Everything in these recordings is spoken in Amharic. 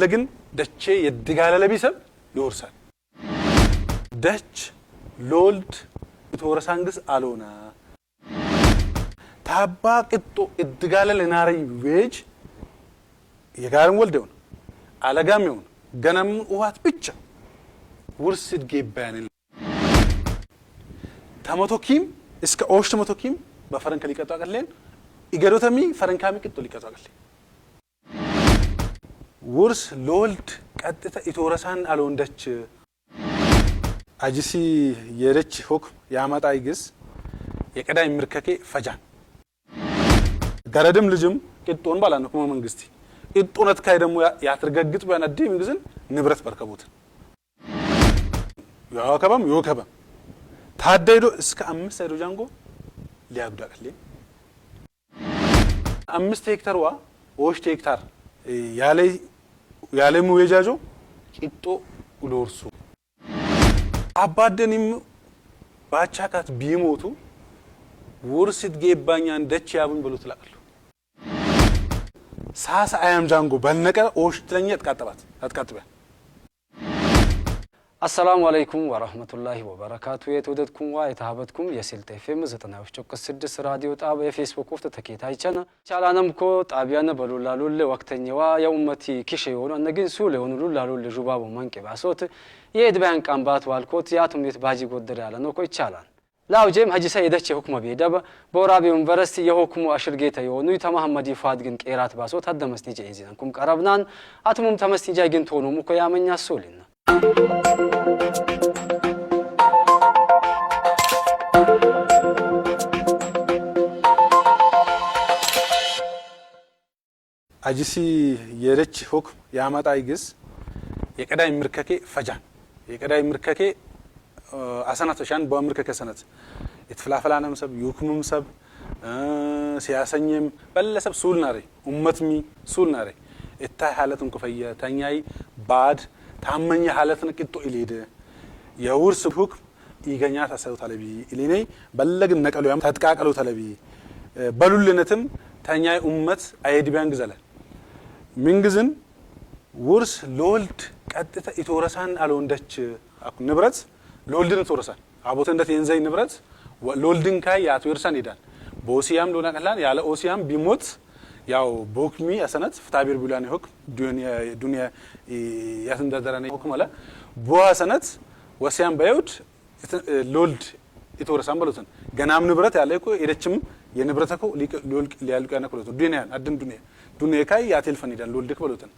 ለግን ደቼ የድጋለ ለቢሰብ ይወርሳል ደች ሎልድ ተወረሳ አሎና ታባ ቅጦ እድጋለ ለናሪ ዌጅ የጋርም ወልደውን አለጋም ይሁን ገነም ውሃት ብቻ ውርስ ድጌባያንል ተመቶኪም እስከ ኦሽ ተመቶኪም በፈረንከ ሊቀጡ አቀሌን ኢገዶተሚ ፈረንካሚ ቅጦ ሊቀጡ አቀሌን ውርስ ለወልድ ቀጥታ ኢትወረሳን አልወንደች አጅሲ የረች ሁክም ያመጣ ይግስ የቀዳይ ምርከኬ ፈጃን ገረድም ልጅም ቅጦን ባላ ነው መንግስቲ ቅጦነት ካይ ደግሞ ያትርገግጥ በነዲ ምንግዝን ንብረት በርከቡትን ያከበም ዮከበም ታደይዶ እስከ አምስት አይዶ ጃንጎ ሊያብዳ ቀሌ አምስት ሄክታር ዋ ኦሽት ሄክታር ያለይ ያለሙ የጃጆ ቂጦ ዶርሱ አባደንም ባቻካት ቢሞቱ ውርስት ጌባኛን ደች ያቡኝ ብሎ ትላቃሉ ሳሳ አያም ጃንጎ በነቀ ኦሽትለኛ ያጥቃጥባት ያጥቃጥበል አሰላሙ አለይኩም ወረህመቱላሂ ወበረካቱ የተወደድኩም ዋ የተሀበትኩም የስልጤ ኤፍኤም ዘጠናዎች ጮቅስ ስድስት ራዲዮ ጣብ የፌስቡክ ወፍት ተኬታይቸነ ቻላነምኮ ጣቢያነ በሉላሉል ወቅተኛዋ የኡመቲ ኪሸ የሆኑ እነግን ሱል የሆኑ ሉላሉል ዡባቦ መንቄ ባሶት የኤድባያን ቃምባት ዋልኮት የአቱም ቤት ባጂ ጎደር ያለ ነው ኮ ይቻላል ላውጄም ሀጂሳ የደች የሁክመ ቤደበ በወራቤ ዩኒቨርሲቲ የሁክሙ አሽርጌተ የሆኑ ተማህመዲ ፋድ ግን ቄራት ባሶት አደመስኒጃ የዚነንኩም ቀረብናን አቱሙም ተመስኒጃ ግን ቶኑም እኮ ያመኛ ሱልና አጂሲ የረች ሁክም የአመጣይ ግዝ የቀዳይ ምርከኬ ፈጃን የቀዳይ ምርከኬ አሰናት ሻን በምርከከ ሰነት የትፍላፈላነም ሰብ ዩክምም ሰብ ሲያሰኘም በለሰብ ሱል ናሬ ኡመትሚ ሱል ናሬ እታ ሀለትን ኩፈየ ተኛይ ባድ ታመኝ ሀለትን ቅጦ ኢሊድ የውርስ ሁክም ኢገኛ ታሰሩ ተለቢ ኢሊኔ በለግ ነቀሉ ያም ተጥቃቀሉ ተለቢ በሉልነትም ተኛይ ኡመት አይድቢያን ግዘለ ምንግዝን ውርስ ለወልድ ቀጥታ ኢትወረሳን አልወንደች ንብረት ለወልድን ትወረሳን አቦተ እንደት የንዘይ ንብረት ለወልድን ካይ ያትወርሳን ይዳል በኦሲያም ሎና ቀላን ያለ ኦሲያም ቢሞት ያው በሁክሚ ያሰነት ፍታቢር ቢላን ሁክም ዱንያ ያስንዳደራነ ሁክም አለ በዋ ሰነት ወሲያን በይውድ ለወልድ የተወረሳን በሉትን ገናም ንብረት ያለ እኮ የደችም የንብረት እኮ ሊያልቅ ያነ በሉትን ዱኒያ አድን ዱኒያ ዱኒያ ካይ ያቴልፈን ይዳን ለወልድክ በሉትን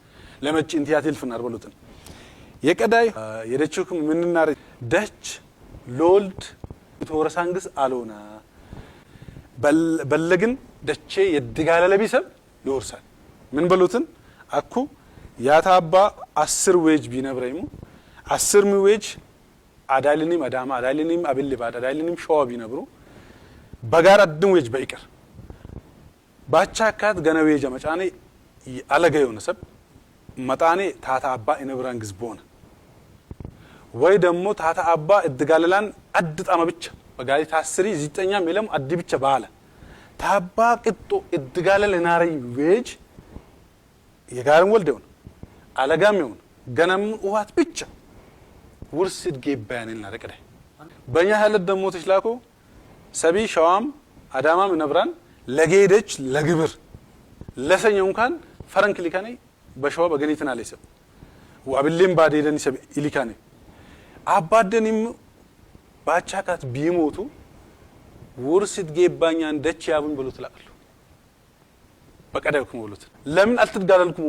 ለመጭ እንት ያቴልፈን አር በሉትን የቀዳይ የደችኩም ምንናር ደች ለወልድ የተወረሳንግስ አልሆነ በለግን ደቼ የድጋለ ለቢሰብ ይወርሳል። ምን በሉትን አኩ ያታባ አስር ዌጅ ቢነብረይሙ አስር ሚ ዌጅ አዳልኒም አዳማ አዳልኒም አብልባድ አዳልኒም ሸዋ ቢነብሩ በጋር አድን ዌጅ በይቅር ባቻ አካት ገነ ዌጅ መጫኔ አለገ የሆነ ሰብ መጣኔ ታታ አባ ግዝ ግዝቦነ ወይ ደግሞ ታታ አባ እድጋለላን አድ ጣመ ብቻ በጋሪ ታስሪ ዚጠኛም የለም አድ ብቻ ባለ ታባ ቅጦ እድጋለል ናረኝ ዌጅ የጋርን ወልደውን አለጋም ይሁን ገነም ውሃት ብቻ ውርስ እድጌ ድጌ ልና ረቅደ በእኛ ህለት ደሞ ተችላኮ ሰቢ ሸዋም አዳማም ነብራን ለጌደች ለግብር ለሰኘው እንኳን ፈረንክ ሊካኔ በሸዋ በገኒትና ላይ ሰብ ዋብሌም ባዴደን ሰብ ይሊካኔ አባደንም ባቻቃት ቢሞቱ ውርስ ይትጌባኛ እንደች ያቡኝ ብሎ ትላሉ በቀደብክሙ ብሉት ለምን አልትትጋለልክሙ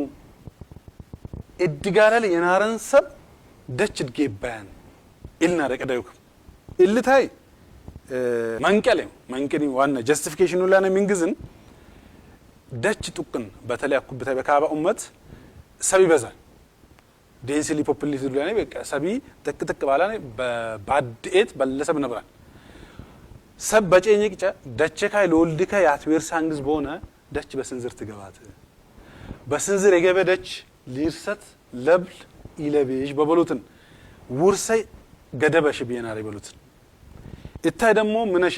እድጋለል የናረን ሰብ ደች ይትጌባያን ኢልና ደቀደብክም እልታይ መንቀል መንቅኒ ዋና ጀስቲፊኬሽኑ ላነ ሚንግዝን ደች ጡቅን በተለይ አኩብታ በካባ ኡመት ሰብ ይበዛል ዴንስሊ ፖፕሊቲ ዱላኔ በቃ ሰቢ ጥቅጥቅ ባላኔ በባድኤት በለሰብ ነብራል ሰብ በጨኝ ቅጨ ደቸካይ ለወልድከ የአትቤርሳን ግዝ በሆነ ደች በስንዝር ትገባት በስንዝር የገበ ደች ሊርሰት ለብል ኢለቤዥ በበሉትን ውርሰይ ገደበሽ ብየናር ይበሉትን እታይ ደግሞ ምነሽ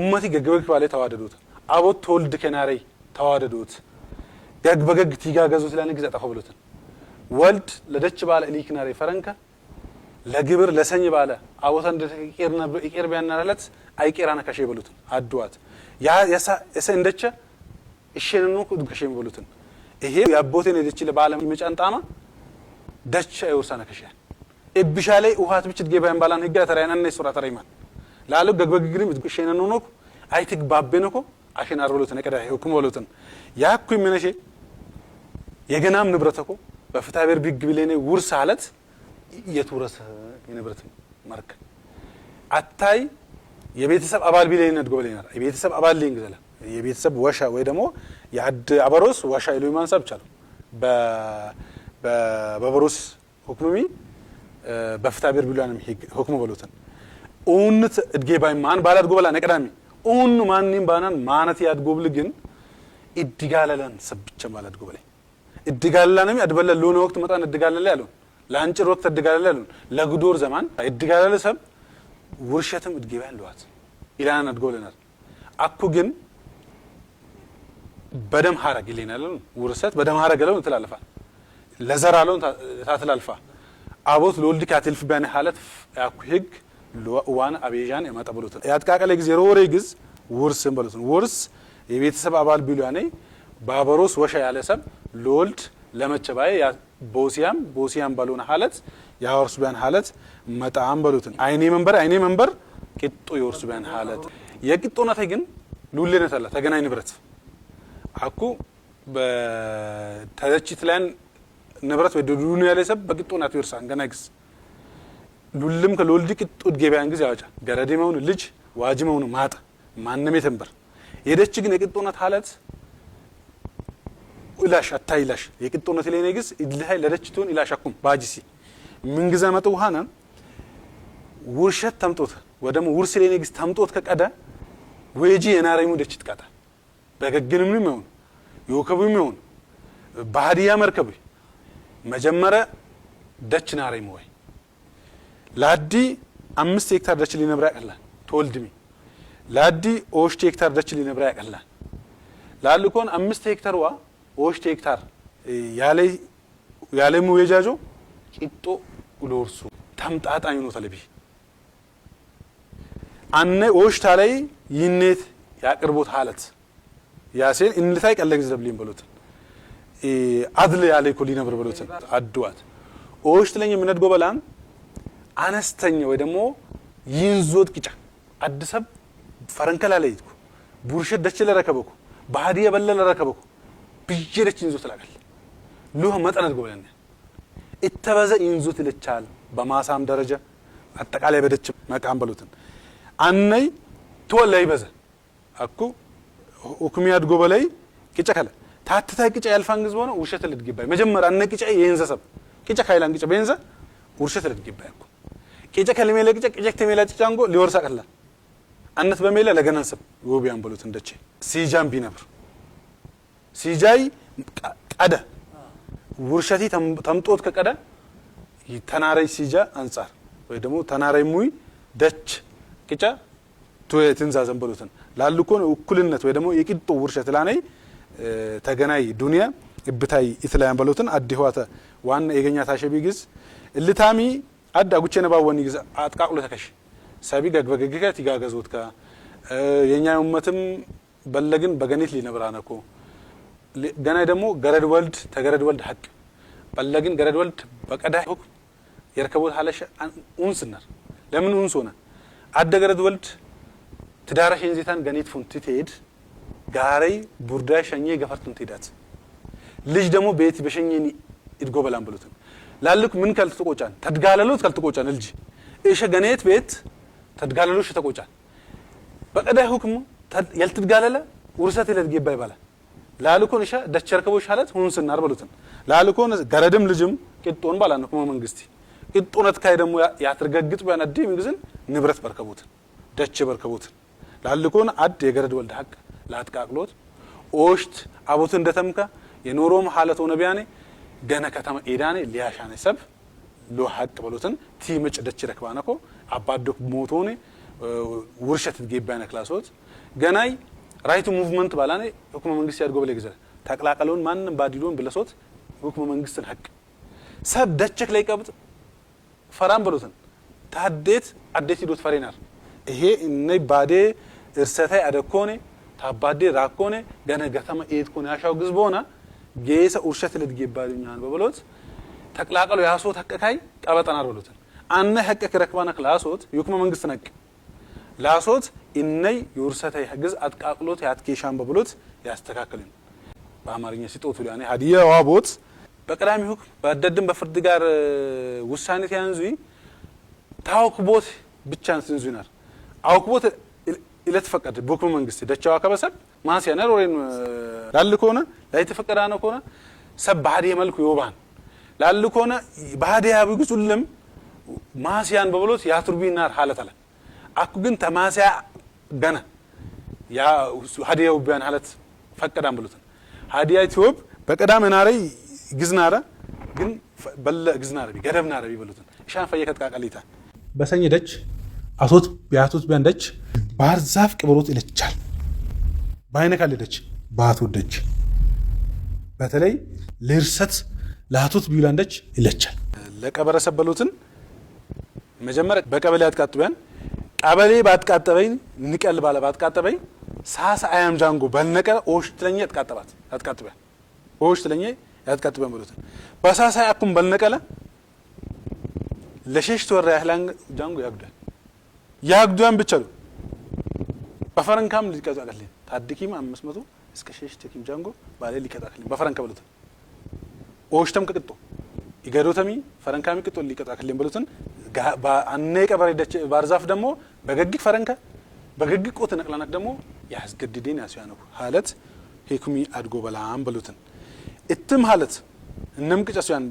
ኡመቲ ገግበግ ባለ ተዋደዱት አቦት ተወልድ ከናረይ ተዋደዱት ገግበገግ በገግ ቲጋገዙት ለንግዝ አጠፈ ብሉትን ወልድ ለደች ባለ እሊክ ናረይ ፈረንከ ለግብር ለሰኝ ባለ አቦተ ይቄር ቢያናለት አይቄራነ ነካሽ የበሉትን አድዋት እንደቸ እሽንኑ ከሼ የሚበሉትን ይሄ የአቦቴን የደች ለባለ የመጫንጣማ ደች ደቸ አይወርሳነ ከሼን ላይ ውሃት ብችት ገባይን ባላን ህግ ተራይናና ሱራ ተራይማን ላሉ ገግበግግሪም እሽንኑ ኖኩ አይትግ ባቤ ባቤነኮ አሽን አሮሉትን ቀዳ ህኩም በሉትን ያኩ የሚነሼ የገናም ንብረተኮ በፍትሐ ብሔር ቢግ ብሌኔ ውርስ አለት የትውረስ የንብረት ማርክ አታይ የቤተሰብ አባል ቢለኝ ነድ ጎበለኛል የቤተሰብ አባል ሊንግ ዘለ የቤተሰብ ወሻ ወይ ደግሞ የአድ አበሮስ ወሻ ኢሉ ማንሳብ ይቻላል በበበሮስ ሁክሙሚ በፍታ ቢር ቢሏንም ሁክሙ በሎትን ኡንት እድጌ ባይ ማን ባላት ጎበላ ነቀዳሚ ኡኑ ማንም ባናን ማነት ያድ ጎብል ግን እድጋለላን ሰብቸ ማለት ጎበላይ እድጋለላንም ያድበለ ሎነ ወቅት መጣን እድጋለላ ያለው ለአንጭሮት ተድጋለለ ለግዶር ዘማን እድጋለለ ሰብ ውርሸትም እድጌባ ያለዋት ኢላና አድጎለናል አኩ ግን በደም ሀረግ ይሌናል ውርሰት በደም ሀረግ ለው ትላልፋ ለዘራ ለው ታትላልፋ አቦት ለወልድ ካትልፍ ቢያን ሀለት ያኩ ህግ ዋን አቤዣን የማጠብሉት ያጥቃቀለ ጊዜ ሮሬ ግዝ ውርስም በሉትን ውርስ የቤተሰብ አባል ቢሉ ያኔ ባበሮስ ወሻ ያለ ሰብ ለወልድ ለመቸባየ ቦሲያም ቦሲያም በሉን ሀለት የአወርስ ቢያን ሀለት መጣም በሉትን አይኔ መንበር አይኔ መንበር ቂጦ የወርስ ቢያን ሀለት የቂጡ ነተ ግን ሉሌነት አለ ተገናኝ ንብረት አኩ ተዘችት ላይን ንብረት ወይ ዱኑ ያለ ሰብ በቂጡ ናት ይወርሳን ገና ግስ ሉልም ከሎልድ ቂጡ ገበያን ጊዜ ያወጫ ገረዴ መሆኑ ልጅ ዋጅ መሆኑ ማጠ ማንም የተንበር የደች ግን የቂጡ ሀለት ኢላሽ አታ ኢላሽ የቅጦነት ላይ ነግስ ኢድልሃይ ለደችቶን ኢላሽ አኩም ባጂሲ ምንግዛ መጥ ውሃና ውርሸት ተምጦት ወደም ውርስ ላይ ነግስ ተምጦት ከቀደ ወይጂ የናረሙ ደችት ቀጣ በገግንም ነው ይሁን ይወከቡም ይሁን ባህዲያ መርከብ መጀመረ ደች ናረሙ ወይ ላዲ አምስት ሄክታር ደች ሊነብራ ያቀላል ተወልድሚ ላዲ ኦሽት ሄክታር ደች ሊነብራ ያቀላል ላልኮን አምስት ሄክታር ዋ ኦሽቴ ሄክታር ያለ ወጃጆ ቂጦ ኡሎርሱ ተምጣጣኝ ነው ተለቢ አነ ኦሽታ ላይ ይነት ያቅርቦት ሀለት ያሴን እንልታይ ቀለግ ዝብሊን በሎት አድል ያለ ኮሊ ነብር በሎትን አድዋት ኦሽት ለኝ ምነድ ጎበላን አነስተኛ ወይ ደግሞ ይንዞት ቂጫ አድሰብ ፈረንከላ ለይትኩ ቡርሸት ደች ለረከበኩ ባህዲየ በለ ለረከበኩ ብየለች ይንዞት ላጋል ሉህ መጠነት አድጎ እተበዘ ይንዞት ይልቻል በማሳም ደረጃ አጠቃላይ በደች መቃም በሉትን አነይ ተወለ ይበዘ አኩ ሁክሚ አድጎ በላይ ቅጨ ከለ ታትታ ቅጨ ያልፋን ግዝ ሆነ ውሸት ልትግባይ መጀመሪያ አነ ቅጨ የንዘ ሰብ ቅጨ ካይላን ቅጨ በንዘ ውርሸት ልትግባይ አኩ ቅጨ ከልሜለ ቅጨ ቅጨ ተሜላ ጫንጎ ሊወርሳ ቀላል አነት በሜለ ለገናን ሰብ ውቢያን በሉት እንደቼ ሲጃም ቢነብር ሲጃይ ቀደ ውርሸቲ ተምጦት ከቀደ ተናረይ ሲጃ አንጻር ወይ ደግሞ ተናረይ ሙይ ደች ቅጫ ቱየ ትንዛዘን ላሉ ኮን እኩልነት ወይ ደግሞ የቂጦ ውርሸት ላነይ ተገናይ ዱኒያ እብታይ ኢትላያን በሉትን አዲህዋተ ህዋተ ዋና የገኛ ታሸቢ ግዝ እልታሚ አድ አጉቼ ነባወኒ ግዝ አጥቃቅሎ ተከሽ ሰቢ ገግበገግከ ቲጋገዞትከ የእኛ ውመትም በለግን በገኒት ሊነብራነኮ ገና ደግሞ ገረድ ወልድ ተገረድ ወልድ ሀቅ በለግን ገረድ ወልድ በቀዳይ ሁክም የርከቦት ሀለሸ ኡንስ ነር ለምን ኡንስ ሆነ አደ ገረድ ወልድ ትዳረ ሸንዜታን ገኔት ፉንቲ ትሄድ ጋረይ ቡርዳይ ሸኘ ገፈርቱን ትሄዳት ልጅ ደግሞ ቤት በሸኘኒ እድጎ በላን ብሉትን ላልክ ምን ከልትቆጫን ተድጋለሉት ከልትቆጫን ልጅ እሸ ገኔት ቤት ተድጋለሉሽ ተቆጫን በቀዳይ ሁክም የልትድጋለለ ውርሰት የለትጌባ ይባላል ላልኮን ይሻ ደቸርከቦ ሁን ስናር አርበሉትን ላልኮን ገረድም ልጅም ቅጦን ባላ ባላነኩ መንግስቲ ቅጦነት ካይ ደግሞ ያትርገግጥ በያነዲ ምንግዝን ንብረት በርከቦትን ደች በርከቦትን ላልኮን አድ የገረድ ወልድ ሀቅ ላትቃቅሎት ኦሽት አቦት እንደተምከ የኖሮም ሀለት ሆነ ቢያኔ ገነ ከተማ ኤዳኔ ሊያሻኔ ሰብ ሎ ሀቅ በሉትን ቲመጭ ደች ረክባነኮ አባዶክ ሞቶኔ ውርሸት ጌባያነ ክላሶት ገናይ ራይቱ ሙቭመንት ባላኔ ህክመ መንግስት ያድጎ በለ ግዘ ተቀላቀለውን ማንም ባዲዶን ብለሶት ህክመ መንግስትን ሀቅ ሰብ ደቸክ ላይ ቀብጥ ፈራን በሎትን ታዴት አዴት ሂዶት ፈሬናር ይሄ እነ ባዴ እርሰታይ አደኮነ ታባዴ ራኮነ ገነ ገተማ ኤት ኮነ ያሻው ግዝ በሆነ ጌሰ ኡርሸት ለድጌ ባዱኛን በበሎት ተቀላቀለው ያሶት ሀቀካይ ቀበጠናር በሎትን አነ ሀቀክ ረክባና ክላሶት ህክመ መንግስትን ሀቅ ላሶት እነይ የውርሰተ ህግዝ አጥቃቅሎት ያትኬሻን በብሎት ያስተካክልን በአማርኛ ሲጦቱ ሊያ ሀዲያ ዋቦት በቀዳሚ ሁክም በደድን በፍርድ ጋር ውሳኔት ያንዙ ታውክቦት ብቻን ስንዙ ስንዙናር አውክቦት ኢለተፈቀድ በሁክም መንግስት ደቻዋ ከበሰብ ማስያ ነር ወይም ላል ከሆነ ላይ ተፈቀዳ ነው ከሆነ ሰብ ባህዲየ መልኩ ይወባን ላል ከሆነ ባህዲያ ብግጹልም ማስያን በብሎት ያትርቢ ናር ሀለት አለን አኩግን ተማሲያ ገነ ያ ሀዲያ ውቢያን ሀለት ፈቀዳም ብሉትን ሀዲያ ኢትዮብ በቀዳም ናረይ ግዝናረ ግን በለ ግዝናረ ቢ ገደብ እሻን ፈየከት ቃቀሊታ በሰኝ ደች አሶት ቢያቶት ቢያን ባህር ዛፍ ቅብሮት ይለቻል ባይነካል ደች ባቶት ደች በተለይ ልርሰት ለአቶት ቢውላን ይለቻል ለቀበረሰብ መጀመሪያ በቀበሌ አትቃጥቢያን ቀበሌ ባትቃጠበኝ ንቀል ባለ ባትቃጠበኝ ሳሳ አያም ጃንጎ በነቀ ኦሽ ትለኛ ያትቃጠባት ያትቃጥበ ኦሽ ትለኛ ያትቃጥበ ምሉት በሳሳ አኩም በነቀለ ለሸሽት ወር ያህላን ጃንጎ ያግዷል ያግዷን ብቻ ነው በፈረንካም ሊቀጡ አቀልኝ ታድቂም አምስት መቶ እስከ ሸሽት ኪም ጃንጎ ባለ ሊቀጡ በፈረንካ ብሉት ኦሽተም ቅቅጦ ይገዶተሚ ፈረንካሚ ቅጦ ሊቀጡ ብሉትን አነ ቀበሬ ደች ባርዛፍ ደግሞ በገግ ፈረንከ በገግ ቆት ነቅላናክ ደግሞ ያስገድድን ያስያነኩ ሀለት ሄኩሚ አድጎ በላም በሉትን እትም ሀለት እንም ቅጨሱያን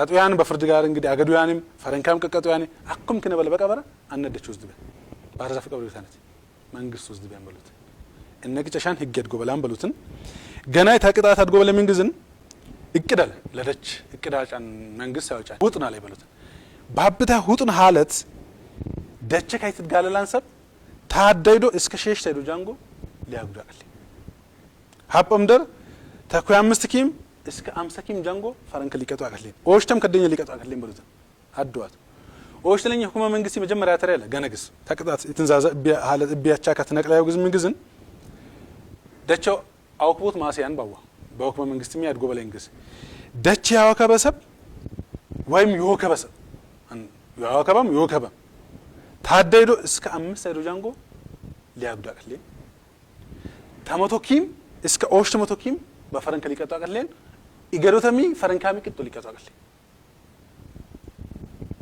ቀጡያን በፍርድ ጋር እንግዲህ አገዱያንም ፈረንካም ቀቀጡያን አኩም ክነ በለ በቀበረ አነደች ውስድ በ ባህረዛፍ ቀብሪ ታነት መንግስት ውስድ ቢያን በሉት እነ ቅጨሻን ህግ አድጎ በላም በሉትን ገና የታቅጣት አድጎ በለ ምንግዝን እቅደል ለደች እቅዳጫን መንግስት ያወጫ ውጥና ላይ በሉትን ባብታ ውጥን ሀለት ደቸ ka itti gaalalaan sab taaddaydo iska sheeshtaydo jaango ሊያጉዳል ሀጵም ደር ተኩይ አምስት ኪም እስከ አምሳ ኪም ጃንጎ ፈረንክ ሊቀጡ አቀትሌን ኦሽተም ከደኛ ሊቀጡ አቀትሌን በሉትን አድዋት ኦሽተ ለኛ ሁኩመ መንግስት መጀመሪያ ተረ ያለ ገነግስ ተቅጣት የትንዛዘ ሀለ እቢያቻ ከተነቅላዩ ግዝ ምግዝን ደቸው አውክቦት ማስያን ባዋ በሁኩመ መንግስት የሚያድጎ በላይ ግዝ ደች ያወከበሰብ ወይም ይወከበሰብ ይወከበም ይወከበም ታደዶ እስከ አምስት አይዶ ጃንጎ ሊያግዱ አቅሌን ተመቶ ኪም እስከ ኦሽቶ መቶ ኪም በፈረንከ ሊቀጡ አቅሌን ኢገዶተሚ ፈረንካሚ ቅጡ ሊቀጣ አቅሌን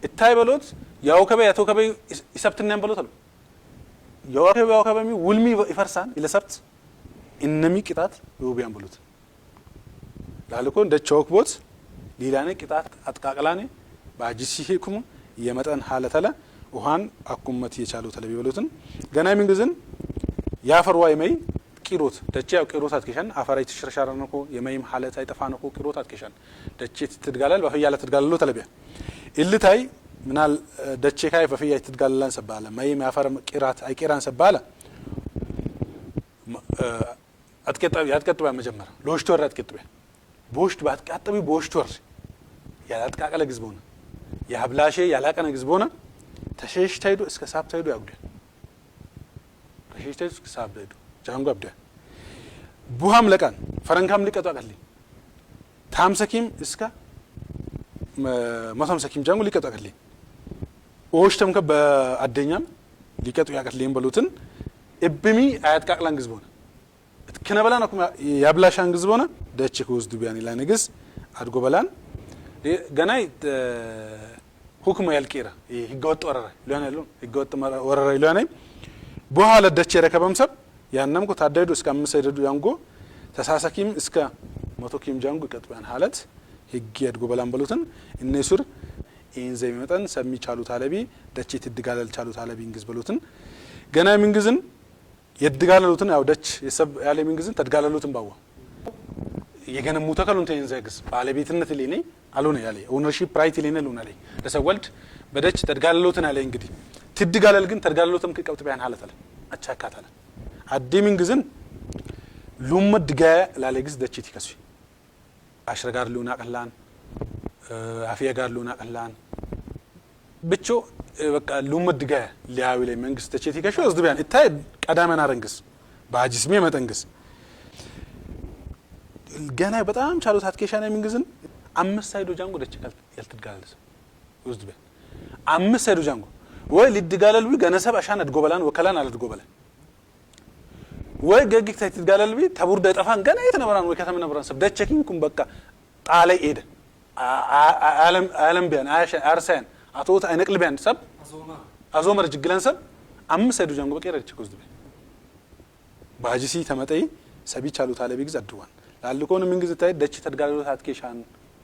እታይ በሎት ያው ከበ ያቶ ከበ ይሰብትናን በሎት አሉ ያው ከበ ያው ከበሚ ውልሚ ይፈርሳን ይለሰብት እነሚ ቅጣት ሩቢያን በሎት ላልኮ እንደ ቾክ ቦት ሊላኔ ቅጣት አጥቃቅላኔ ባጂሲ ሂኩም የመጠን ሀለተለ ውሃን አኩመት የቻሉ ተለቢ በሉትን ገና ሚንግዝን ዋይ መይ ቂሮት ደቼ ያው ቂሮት አትከሻን አፈራ ትሽርሻረ ነኮ የመይም ሀለት አይጠፋ ነኮ ቂሮት አትከሻን ደቼ ትትድጋላል በፈያለ ትትጋላሉ ተለቢያ እልታይ ምናል ደቼ ካይ በፍያ ትትጋላላን ሰባለ መይም የአፈር ቂራት አይቂራን ሰባለ አትቀጣብ መጀመር ሎሽት ወር አትቀጥባ ቦሽት ባትቀጥቢ ቦሽት ወር ያላጥቃቀለ ግዝቦነ የሀብላሼ ያላቀነ ግዝቦነ ተሸሽታ ሂዶ እስከ ሳብታ ሂዶ ያጉዳል። ተሸሽታ ሂዶ እስከ ሳብታ ሂዶ ጃንጎ አብደ ቡሃም ለቃን ፈረንካም ሊቀጡ አቀልኝ ታምሰኪም እስከ መቶምሰኪም ጃንጎ ሊቀጡ አቀልኝ ኦሽተም ከ በአደኛም ሊቀጡ ያቀልኝ በሉትን እብሚ አያት ቃቅላን ግዝ በሆነ እትክነበላን አኩ ያብላሻን ግዝ በሆነ ደች ከውዝ ዱቢያን ኢላ ንግስ አድጎ በላን ገናይ ሁክሙ ያልቂራ ህገወጥ ወረራ ሊሆን ያለው ህገወጥ ወረራ ሊሆነ በኋላ ደች የረከበም ሰብ ያንም ኮ ታደዱ እስከ አምስት ሰደዱ ያንጎ ተሳሳኪም እስከ መቶ ኪም ጃንጎ ይቀጥበያን ሀለት ህግ ያድጎ በላም በሉትን እኔ ይህን ዘ የሚመጠን ሰሚ ቻሉት አለቢ ደች የትድጋለል ቻሉት አለቢ እንግዝ በሉትን ገና የሚንግዝን የትድጋለሉትን ያው ደች ያለ የሚንግዝን ተድጋለሉትን ባዋ የገነሙተ ከሉንተ የንዘግስ ባለቤትነት ሌኔ አልሆነ ያለ ኦነርሺፕ ራይት ሌኔ ልሆነ ላይ ለሰወልድ በደች ተድጋለሎትን አለ እንግዲህ ትድጋለል ግን ተድጋለሎትም ከቀብጥ ቢያን ሀለተለ አቻካታለ አዴሚን ግዝን ሉምድ ድጋ ላለ ግዝ ደችት ይከሱ ጋር ሊሆና ቀላን አፍያ ጋር ሊሆና ቀላን ብቾ በቃ ሉምድ ጋ ሊያዊ ላይ መንግስት ተቼት ይከሹ ዝድቢያን እታይ ቀዳመና ረንግስ በአጅስሜ መጠንግስ ገና በጣም ቻሎት አትኬሻ አትኬሻና የሚንግዝን አምስት ሳይዶ ጃንጎ ደች ያልትድጋለስ ውዝድ ቤ አምስት ሳይዶ ጃንጎ ወይ ሊድጋለል ቢ ገነሰብ አሻን አድጎበላን ወከላን አላድጎበላን ወይ ገጊክ ታይትድጋለል ቢ ተቡር ደጠፋን ገና የተነበራን ወይ ከተም ነበራን ሰብ ደቸኪን ኩም በቃ ጣላይ ኤደ አለም ቢያን አርሳያን አቶት አይነቅል ቢያን ሰብ አዞመር ጅግለን ሰብ አምስት ሳይዶ ጃንጎ በቃ ረድቸክ ውዝድ ቤ ባጅሲ ተመጠይ ሰቢ ቻሉት አለቢ ግዝ አድዋን ላልኮን ምንግዝ ታይ ደች ተድጋሪሎ ታትኬሻን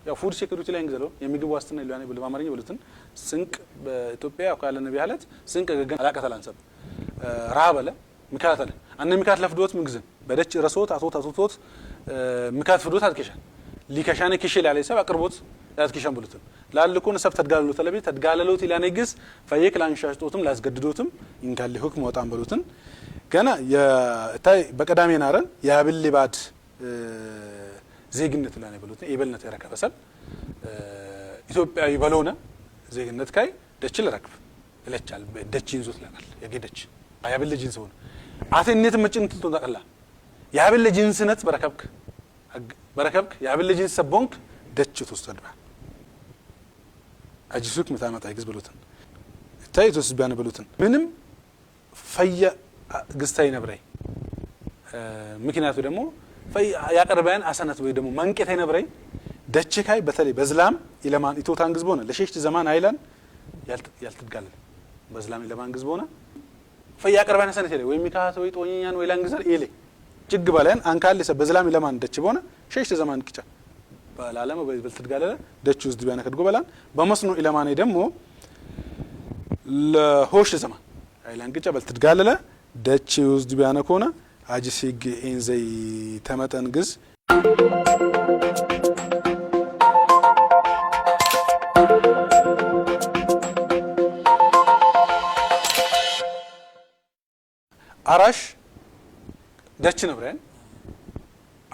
ያው ፉድ ሴኩሪቲ ላይ እንግዘለው የምግብ ዋስትና ይሏኔ ብለ በአማርኛ ብሉትን ስንቅ በኢትዮጵያ አቋለ ነብይ አለት ስንቅ ገገን አላቀተል አንሰብ ራበለ ምካተለ አለ አንነ ምካት ለፍዶት ምንግዝን በደች ረሶት አቶት አቶቶት ምካት ፍዶት አትኬሻን ሊከሻነ ኪሽ ላይ ሰብ አቅርቦት ያትኬሻን ብሉትን ላልኮን ሰብ ተድጋሪሎ ተለቢ ተድጋለሎት ይላኔ ግስ ፈየክ ላንሻሽጦትም ላስገድዶትም ኢንካል ህክ መውጣን ብሉትን ገና የታይ በቀዳሜ ናረን ያብል ሊባድ ዜግነት ላ ብሎት የበልነት የረከበ ሰብ ኢትዮጵያዊ በለሆነ ዜግነት ካይ ደች ልረክብ ይለቻል ደች ይንዞት ላቃል ደች ያብል ጅንስ ሆነ አቴ እኔት መጭን ትልቶ ታቀላ ያበለ ጅንስነት በረከብክ በረከብክ ያበለ ጅንስ ሰቦንክ ደች ትወስደድባ አጅሱክ ምታመጣ ይግዝ ብሎትን እታይ ተስቢያን ብሎትን ምንም ፈየ ግስታይ ነብረይ ምክንያቱ ደግሞ ያቀርበያን አሰነት ወይ ደግሞ መንቄት አይነብረኝ ደችካይ በተለይ በዝላም ኢለማን ኢቶታን ግዝብ ሆነ ለሸሽት ዘማን አይላን ያልትጋለ በዝላም ኢለማን ግዝብ ሆነ ፈያ ያቀርበያን ሰነት ይለ ወይ ሚካሃት ወይ ጦኛን ወይ ላንግዘር ኢሌ ጅግ ባለን አንካል ሰ በዝላም ኢለማን ደች ሆነ ሸሽት ዘማን ቅጫ ባላለም በልትጋለለ ደች ውስጥ ቢያነ ከድጎ በላን በመስኖ ኢለማን ደግሞ ለሆሽ ዘማን አይላን ቅጫ በልትጋለ ደች ውስጥ ቢያነ ከሆነ አጅሲግ ኢንዘይ ተመጠን ግዝ አራሽ ደች ንብረን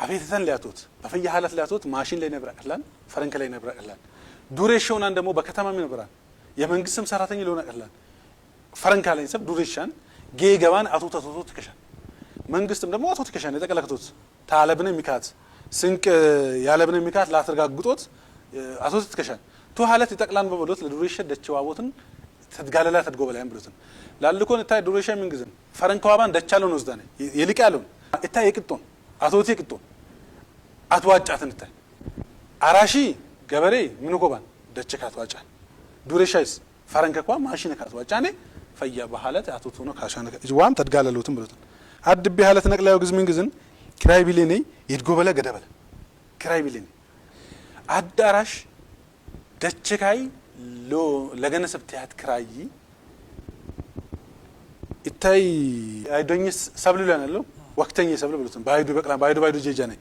አፌተተን ሊያቶት በፈያ ሀላት ሊያቶት ማሽን ላይ ነብረ ቀላል ፈረንከ ላይ ነብረ ቀላል ዱሬሽውናን ደግሞ በከተማም ነብራን የመንግስትም ሰራተኛ ሊሆነ ቀላል ፈረንካ ላይ ሰብ ዱሬሻን ጌ ገባን አቶ ተቶቶ ትከሻል መንግስትም ደግሞ አቶ ትከሻን የጠቀለክቶት ታለብን የሚካት ስንቅ ያለብን የሚካት ላተረጋግጦት አቶ ትከሻን ቱ ሀለት ይጠቅላን በበሎት ለዱሬሸ ደቸዋቦትን ተትጋለላ ተትጎበላያን ብሎትን ላልኮን እታይ ዱሬሸ ምንግዝን ፈረንከዋባን ደቻለውን ወስዳነ የልቅ ያለውን እታይ የቅጦን አቶ አቶቴ ቅጦን አትዋጫትን እታይ አራሺ ገበሬ ምንኮባን ደቸ ካትዋጫ ዱሬሻይስ ፈረንከኳ ማሽነ ኔ ፈያ በሀለት አቶ ነው ካሻነ ዋም ተድጋለሎትን ብሎትን አድቤ ሀለት ነቅላዩ ግዝምን ግዝን ኪራይ ቢሌኔ ይድጎ በለ ገደበለ ኪራይ ቢሌኔ አዳራሽ ደቸካይ ለገነሰብ ትያት ክራይ እታይ አይዶኝስ ሰብል ብለን አለው ወቅተኛ ሰብል ብሉትን ባይዱ በቅላ ባይዱ ባይዱ ጀጃ ነኝ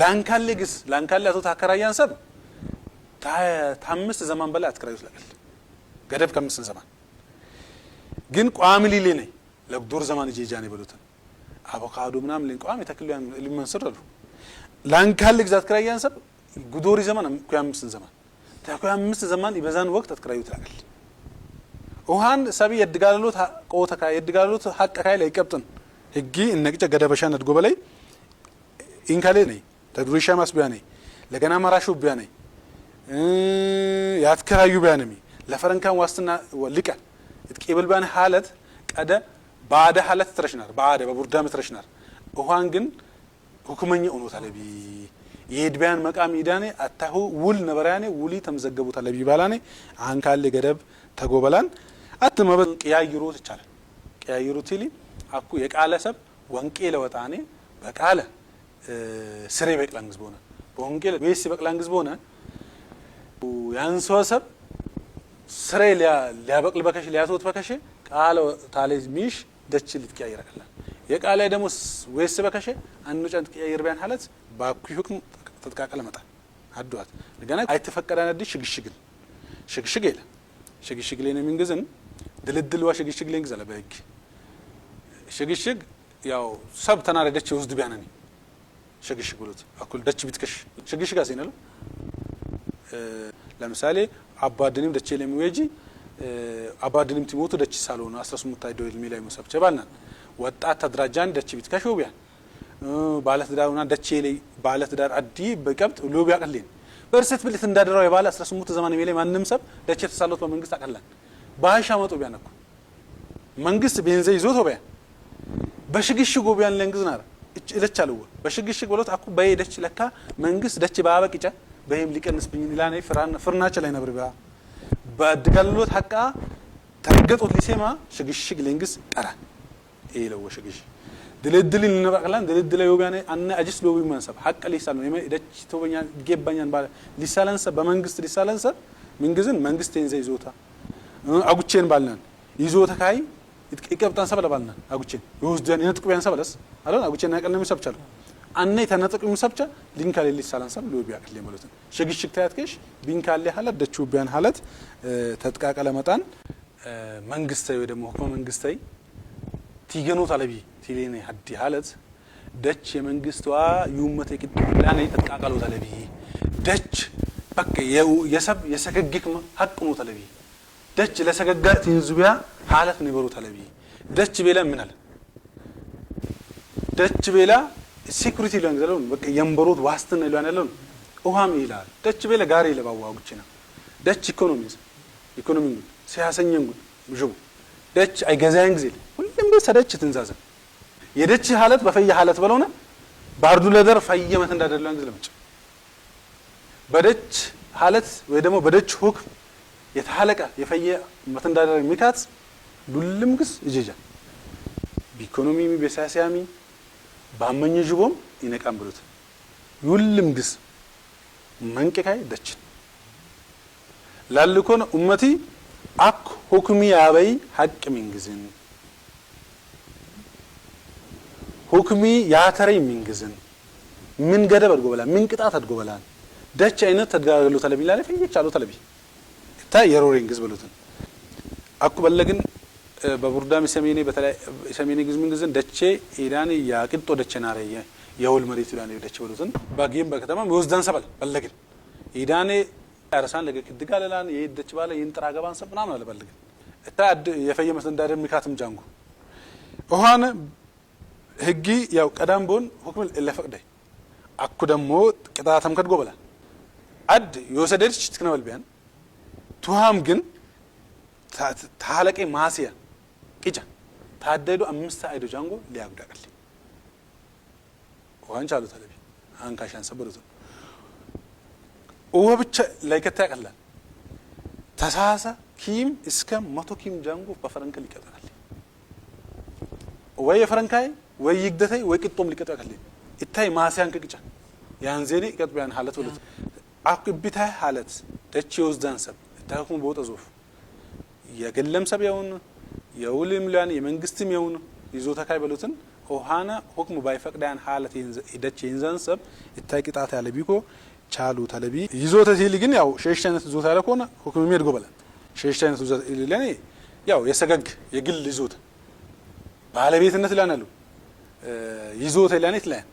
ላንካሌ ግስ ላንካሌ አቶ ታከራያን ሰብ ታምስት ዘማን በላይ አትክራዩ ስለቀል ገደብ ከምስት ዘማን ግን ቋሚ ሊሌ ነኝ ለጉዶር ዘማን ጀጃ ነኝ ብሉትን አቮካዶ ምናምን ሊንቋም የተክሉያን ሊመንስር አሉ ላንካል ግዛት ክራያን ሰብ ጉዶሪ ዘመን ኩያምስ ዘመን ታኩያምስ ዘመን ይበዛን ወቅት አትክራዩ ትላል ውሃን ሰብ የድጋለሎት ቆተካ ካ የድጋለሎት ሀቅ ካይ ላይ ቀብጥን ህጊ እነቅጨ ገደበሻ ነድጎ በላይ ኢንካሌ ነይ ተግሩሻ ማስቢያ ነይ ለገና መራሹ ቢያ ነይ ያትከራዩ ቢያ ነሚ ለፈረንካን ዋስትና ወልቀ እትቂብል ባን ሀለት ቀደ ባዕደ ሀለት ትረሽናር ባዕደ በቡርዳም ትረሽናር እኋን ግን ሁክመኛ ሆኖታ ለቢ የድቢያን መቃም ኢዳኔ አታሁ ውል ነበርያኔ ውሊ ተመዘገቡታ ለቢ ባላኔ አንካሌ ገደብ ተጎበላን አት መበን ቅያይሩት ይቻላል ቅያይሩት ይሊ አኩ የቃለ ሰብ ወንቄ ለወጣኔ በቃለ ስሬ በቅላን ግዝቦነ በወንቄ ወይስ በቅላን ግዝቦነ ያንሶ ሰብ ስሬ ሊያበቅል በከሽ ሊያቶት በከሽ ቃለ ታሌ ሚሽ ደች ልትቀያይር አይደለም የቃለ ደሞስ ወይስ በከሸ አንዱ ጫን ትቀያይር ቢያን ሀለት ባኩ ህክም ተጥቃቀለ መጣ አዷት ገና አይተፈቀደ ነድ ሽግሽግን ሽግሽግ የለ ሽግሽግ ላይ ነው የሚንግዝን ድልድልዋ ሽግሽግ ላይ ንግዛለ በህግ ሽግሽግ ያው ሰብ ተናረደች ውስድ ቢያነኒ ሽግሽግ ብሎት አኩል ደች ቢትከሽ ሽግሽግ አሲነሉ ለምሳሌ አባድንም ደቼ ለሚወጂ አባድንም ቲሞቶ ደች ሳልሆኑ አስራ ስሙንት አይደል ሚላይ መሰብቸ ባልናል ወጣት ተድራጃን ደች ቢት ከሾቢያን ባለትዳርና ደች ላይ ባለትዳር አዲ በቀብጥ ሎብ ያቀልን በርሰት ብልት እንዳደረው የባለ 18 ዘመን ሚላይ ማንም ሰብ ደች ተሳሎት በመንግስት አቀላል ባሻ መጦ ቢያነኩ መንግስት ቤንዘ ይዞት ወበያ በሽግሽግ ወቢያን ለእንግዝና እለች አለው በሽግሽግ ብሎት አኩ በይ ደች ለካ መንግስት ደች ባበቅጨ በይም ሊቀንስ ብኝን ኢላኔ ፍራን ፍርናቸ ላይ ነብር ቢያ ባድጋሎት ሐቃ ተርገጦት ሊሴማ ሽግሽግ ሌንግስ ቀራ ኤለው ሽግሽ ድልድል ንበቅላን ድልድለ ዮጋኔ አነ አጅስ ሎቢ መንሰብ ሐቀ ሊሳል ነው ደች ተወኛ ጌባኛን ባለ ሊሳለንሰ በመንግስት ሊሳለንሰ ምንግዝን መንግስት ዘ ይዞታ አጉቼን ባልናን ይዞታ ካይ ይቀብጣን ሰበለ ባልናን አጉቼን ይወስደን ይነጥቁ ቢያን ሰበለስ አለን አጉቼን ያቀነም ይሰብቻለሁ አነ ጠቅሚሙሰብቸ ሊንካሌ ሰብ ሊወቢያ ክሌ ማለት ነው ሽግሽግ ታያትከሽ ቢንካሌ ሀለት ደችውቢያን ሀለት ተጥቃቀ ለመጣን መንግስታዊ ወይ ደግሞ ህክመ መንግስታዊ ቲገኖት አለቢ ቲሌኔ ሀዲ ሀለት ደች የመንግስቷ ዩመት የቅድ ላነ ተጥቃቀሎ አለቢ ደች በቃ የሰብ የሰገግክ ሀቅ ሀቅሞት አለቢ ደች ለሰገጋ ቲንዙቢያ ሀለት ነበሮት አለቢ ደች ቤላ ምናል ደች ቤላ ሴኩሪቲ ለን ዘለውን በቃ የንበሮት ዋስትና ለን ያለውን ውሃም ይላል ደች ቤለ ጋሪ ለባዋ ነው ደች ኢኮኖሚ ኢኮኖሚ ጉድ ሲያሰኘን ጉድ ብዥቡ ደች አይገዛያን ጊዜ ሁሉም ግን ሰደች ትንዛዘ የደች ሀለት በፈየ ሀለት በለውነ ባርዱ ለደር ፈየ መት እንዳደለን ጊዜ ለመጭ በደች ሀለት ወይ ደግሞ በደች ሁክ የተሐለቀ የፈየ መት እንዳደረ ሚካት ዱልም ግስ እጅጃ ቢኢኮኖሚ ቢሳሲያሚ ባመኘ ዥቦም ይነቃም ብሉት ይሁልም ግስ መንቀካይ ደችን ላልኮን ኡመቲ አክ ሁክሚ ያበይ ሀቅ ሚንግዝን ሁክሚ ያተረይ ሚንግዝን ምን ገደብ አድጎበላል ምን ቅጣት አድጎበላል ደች አይነት ተደጋግሎ ተለቢ ላለ ፈየቻሎ ተለቢ ታ የሮሬን ግዝ ብሎትን አኩ በለግን በቡርዳ ሰሜኔ በተለይ ሰሜኔ ግዝምን ግዝን ደቼ ኢዳን ያቅጦ ደቼ ናረየ የውል መሬት ኢዳን ደቼ ወሉትን ባጊም በከተማ ወዝዳን ሰበል በለግን ያረሳን ለገ አረሳን ለገክ ድጋለላን ደች ባለ ይህን ጥራ ገባን ሰብና ነው ለበለግን እታ የፈየ መስንዳደ ሚካትም ጃንጉ ኦሃነ ህጊ ያው ቀዳም ቦን ሁክም ለፈቅደ አኩ ደሞ ቅጣታም ከድጎ በላል አድ የወሰደች ትክነበል ቢያን ቱሃም ግን ታለቀ ማስያ ቂጫ ታደሉ አምስት አይዶ ጃንጎ ሊያጉዳቀል ዋን ቻሉ ተለቢ አንካሻን ሰበሩት ውሃ ብቻ ላይ ከታ ያቀላል ኪም እስከ መቶ ኪም ጃንጎ በፈረንክ ሊቀጠቀል ወይ የፈረንካይ ወይ ይግደታይ ወይ ቅጦም ሊቀጠቀል እታይ ማሲያን ከቂጫ ያን ዜኔ ይቀጥ ቢያን ሀለት ወለት አቅብታ ሀለት ደች ይወዝዳን ሰብ እታኩም በወጣ ዞፍ የገለም ሰብ ያውን የውልም ሊያን የመንግስትም የሆኑ ይዞታ ካይበሉትን ኦሃነ ሁክሙ ባይፈቅዳን ሀለት ሂደች የንዘን ሰብ ይታይ ቅጣት ያለ ቢኮ ቻሉ ተለቢ ይዞ ተሲል ግን ያው ሸሽተነት ዞታ ያለ ከሆነ ሁክም የሚያድጎ በለን ሸሽተነት አይነት ይዞታ ለኔ ያው የሰገግ የግል ይዞት ባለቤትነት ላን አሉ ይዞታ ላኔት ላን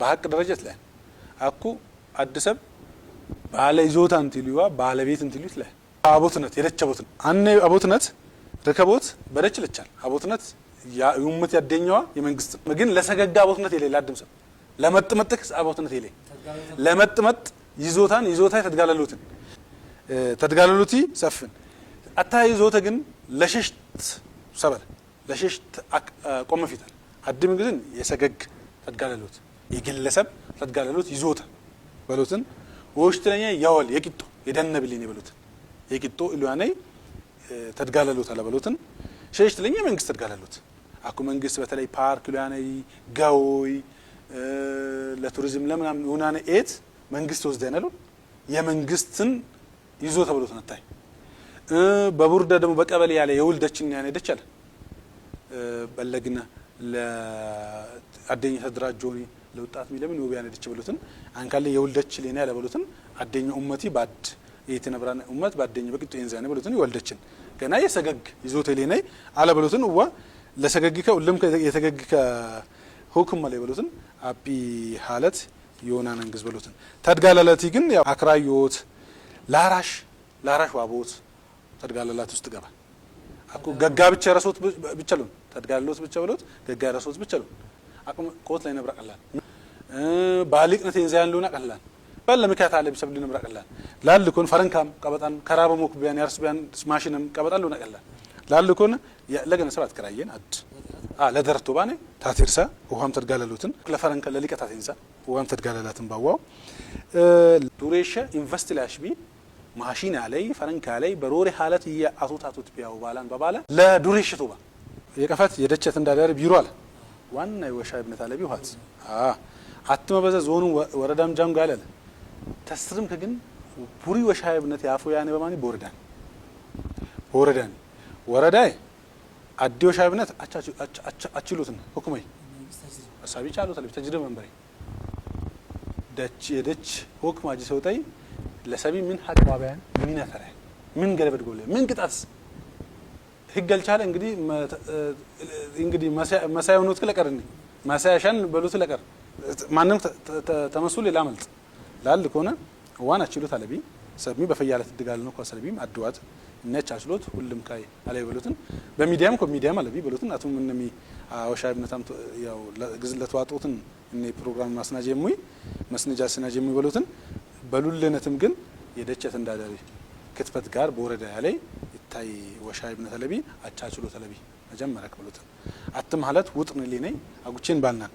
በሀቅ ደረጃት ላን አኩ አድሰብ ባለ ይዞታን ትሉዋ ባለቤት እንትሉት ላን አቦትነት የደቸ አቦትነት አነ አቦትነት ረከቦት በደች ልቻል አቦትነት የውምት ያደኘዋ የመንግስት ግን ለሰገጋ አቦትነት የሌ ላድምጽ ለመጥመጥክ አቦትነት የሌ ለመጥመጥ ይዞታን ይዞታ ተድጋለሉትን ተድጋለሉቲ ሰፍን አታ ይዞተ ግን ለሸሽት ሰበር ለሸሽት ቆመ ፊታል አድም ግዝን የሰገግ ተድጋለሉት የግለሰብ ተድጋለሉት ይዞታ በሉትን ወሽትለኛ ያወል የቂጦ የደነብልኝ በሉትን የቂጦ ኢሉያነይ ተድጋለሎት አለበሎትን ሸሽት ለኛ መንግስት ተድጋለሎት አኩ መንግስት በተለይ ፓርክ ሉያነይ ጋዎይ ለቱሪዝም ለምናምን ኡናነ ኤት መንግስት ወስደ ወስደነሉ የመንግስትን ይዞ ተብሎት ነታይ በቡርደ ደግሞ በቀበሌ ያለ የውልደችን ያኔ ደቻለ በለግነ ለአደኝ ተደራጆኒ ለውጣት ሚለምን ወቢያኔ ደች ብሎትን አንካለ የውልደች ሌና ያለ ብሎትን አደኝ ኡመቲ ባድ የትነብራን ኡመት ባደኝ በቅጡ የንዛኔ በሉትን ይወልደችን ገና የሰገግ ይዞት ሌናይ አለ በሉትን እዋ ለሰገግከ ሁሉም የተገግከ ሁክም ላይ በሉትን አቢ ሀለት የሆና ነንግዝ በሉትን ተድጋለለቲ ግን አክራዮት ላራሽ ላራሽ ዋቦት ተድጋለላት ውስጥ ገባ አኩ ገጋ ብቻ ረሶት ብቻ ሉን ተድጋለሎት ብቻ በሉት ገጋ ረሶት ብቻ ሉን አቁም ቆት ላይ ነብራ ቀላል ባሊቅነት የንዛያን ሉና ቀላል በለ ምክንያት አለ ቢሰብ ሊኑ ምራቀላል ላልኩን ፈረንካም ቀበጣን ከራበ ሞክ ቢያን ያርስ ቢያን ስማሽንም ቀበጣሉ ነቀላል ላልኩን ለገነ ሰባት ክራየን አድ አ ለደርቱ ባኔ ታቲርሳ ውሃም ተድጋለሉትን ለፈረንከ ለሊቀ ታቲንሳ ውሃም ተድጋለላትን ባዋው ዱሬሸ ኢንቨስት ላሽቢ ማሽን አለይ ፈረንካ አለይ በሮሪ ሀለት የአቱት አቱት ቢያው ባላን በባለ ለዱሬሽ ቱባ የቀፈት የደቸት እንዳዳር ቢሮ አለ ዋና የወሻ እብነት አለቢ ውሀት አትመበዘ ዞኑ ወረዳም ጃም ጋለለ ተስርም ከግን ቡሪ ወሻይብነት ያፉ ያኔ በማኒ ቦርዳን ቦርዳን ወረዳይ አዲ ወሻይብነት አቻቹ አቺሉት ነው ሁክመይ አሳቢ ቻሉ ተለብ ተጅደ መንበሪ ደች የደች ሁክማ ጂ ሰውጣይ ለሰቢ ምን ሀቅባቢያን ምን አተራ ምን ገለበድ ጎለ ምን ቅጣስ ህግ አልቻለ እንግዲህ እንግዲህ መሳይ ሆኖት ለቀርኒ ሻን በሉት ለቀር ማንም ተመሱል ላመልጥ ላል ከሆነ ዋን አችሎት አለቢ ሰብሚ በፈያለት ድጋል ነው ኳሰለቢ አድዋት ነች አችሎት ሁሉም ካይ አለይ ይበሉትን በሚዲያም ኮ ሚዲያም አለቢ ይበሉትን አቱም ምንሚ አወሻይ ምነታም ያው ግዝ ለተዋጡትን እኔ ፕሮግራም ማስናጀ ሙይ መስነጃ ስናጀ ሙይ ይበሉትን በሉልነትም ግን የደቸት እንዳደሪ ክትፈት ጋር በወረዳ ላይ ይታይ ወሻይ ብነ ተለቢ አቻችሎ ተለቢ መጀመሪያ ክብሉትን አትም ሀለት ውጥን ሊነይ አጉቼን ባልናል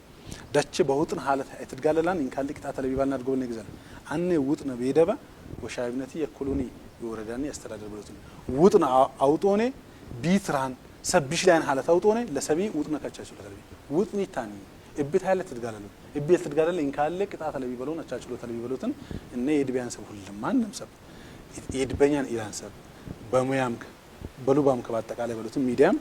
ዳቼ በውጥን ሀለት እንካል አይትጋለላን ኢንካን ቂጣተ ለቢባልና ድጎብነ ይግዛል ውጥ ነው ቤደባ ወሻይብነቲ የኩሉኒ የወረዳኒ ያስተዳደር ብሎት አውጦ ነው ቢትራን ሰብሽ ላይን ሀለት አውጦ ነው ለሰቢ ውጥ ነው ውጥነ ካቻቸው ለሰቢ ውጥን ይታኒ እብት ሀለት ትጋለሉ እብት እንካል ትጋለለ ኢንካን አቻ ለቢበሎን ተለቢ ለቢበሎትን እነ የድቢያን ሰብ ሁሉም ማንም ሰብ የድበኛን ኢራን ሰብ በሙያም በሉባም ከባጠቃላይ በሎትን ሚዲያም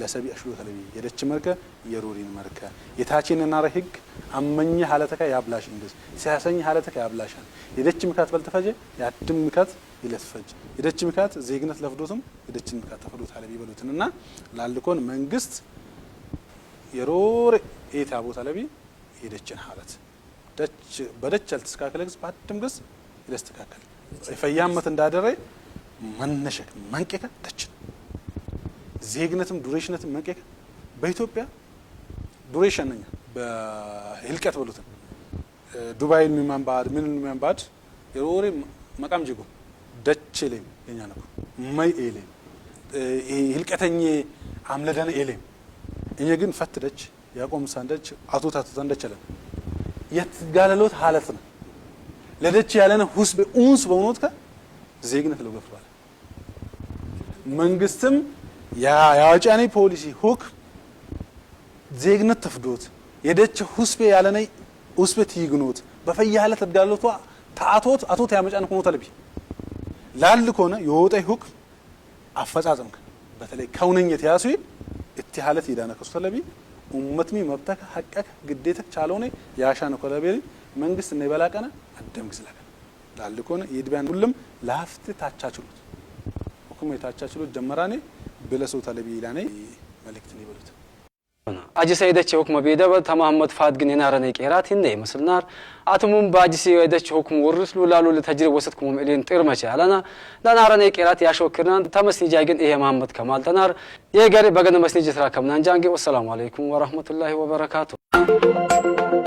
ለሰቢ አሽሎ ተለቢ የደች መርከ የሮሪን መርከ የታችን እናረ ህግ አመኝ ሀለተከ ያብላሽ እንግስ ሲያሰኝ ሀለተካ ያብላሻል የደች ምካት በልተፈጀ ያድም ምካት ይለትፈጅ የደች ምካት ዜግነት ለፍዶትም የደችን ምካት ተፈዶት አለቢ ይበሉትንና ላልኮን መንግስት የሮር ኤታ ቦታ ለቢ የደችን ሀለት ደች በደች አልተስተካከለ ግስ ባድም ግስ ይለስተካከል ፈያመት እንዳደረ መነሸክ መንቄከ ደችን ዜግነትም ዱሬሽነትም መቀየር በኢትዮጵያ ዱሬሽን ነኛ በህልቀት በሉትን ዱባይን የሚመንባድ ምን የሚመንባድ የሮሬ መቃም ጅጎ ደች ሌም የኛ ነበር መይ ኤሌም ህልቀተኝ አምለደን ኤሌም እኛ ግን ፈት ደች ያቆም ሳንደች አቶ ታቶታን ደች አለን የትጋለሎት ሀለት ነው ለደች ያለነ ሁስ በኡንስ በሆኖት ከ ዜግነት ለውገፍቷል መንግስትም ያ የአዋጫኔ ፖሊሲ ሁክ ዜግነት ተፍዶት የደች ሁስቤ ያለነ ሁስቤ ትይግኖት በፈያለ ተጋለቷ ተአቶት አቶት ያመጫን ሆኖ ተልቢ ላል ኮነ የወጠይ ሁክ አፈጻጸም በተለይ ከውነኝ የተያሱ እቲ ሀለት ይዳነ ከሱ ተለቢ ኡመትሚ መብተከ ሀቀከ ግዴተክ ቻለሆነ ያሻነ ኮለቤል መንግስት እና የበላቀነ አደም ግዝላከ ላል ኮነ የድቢያን ሁሉም ላፍት ታቻችሉት ሁክም የታቻችሉት ጀመራኔ ብለሶታል ቢላኔ መልእክትን ይበሉት አጅሰ የደች ሁክመ ቤደበ ተማህመድ ፋት ግን የናረነ ቄራት ይነ ይመስልናር አትሙም በአጅሰ የደች ሁክም ወርስሉ ላሉ ለተጅሪ ወሰትኩም እሊን ጥር መቻለና ለናረነ ቄራት ያሾክርናን ተመስኒጃ ግን ይሄ ማህመድ ከማልተናር የገሪ በገነ መስኒጅ ስራ ከምናንጃንጌ ወሰላሙ አለይኩም ወራህመቱላሂ ወበረካቱ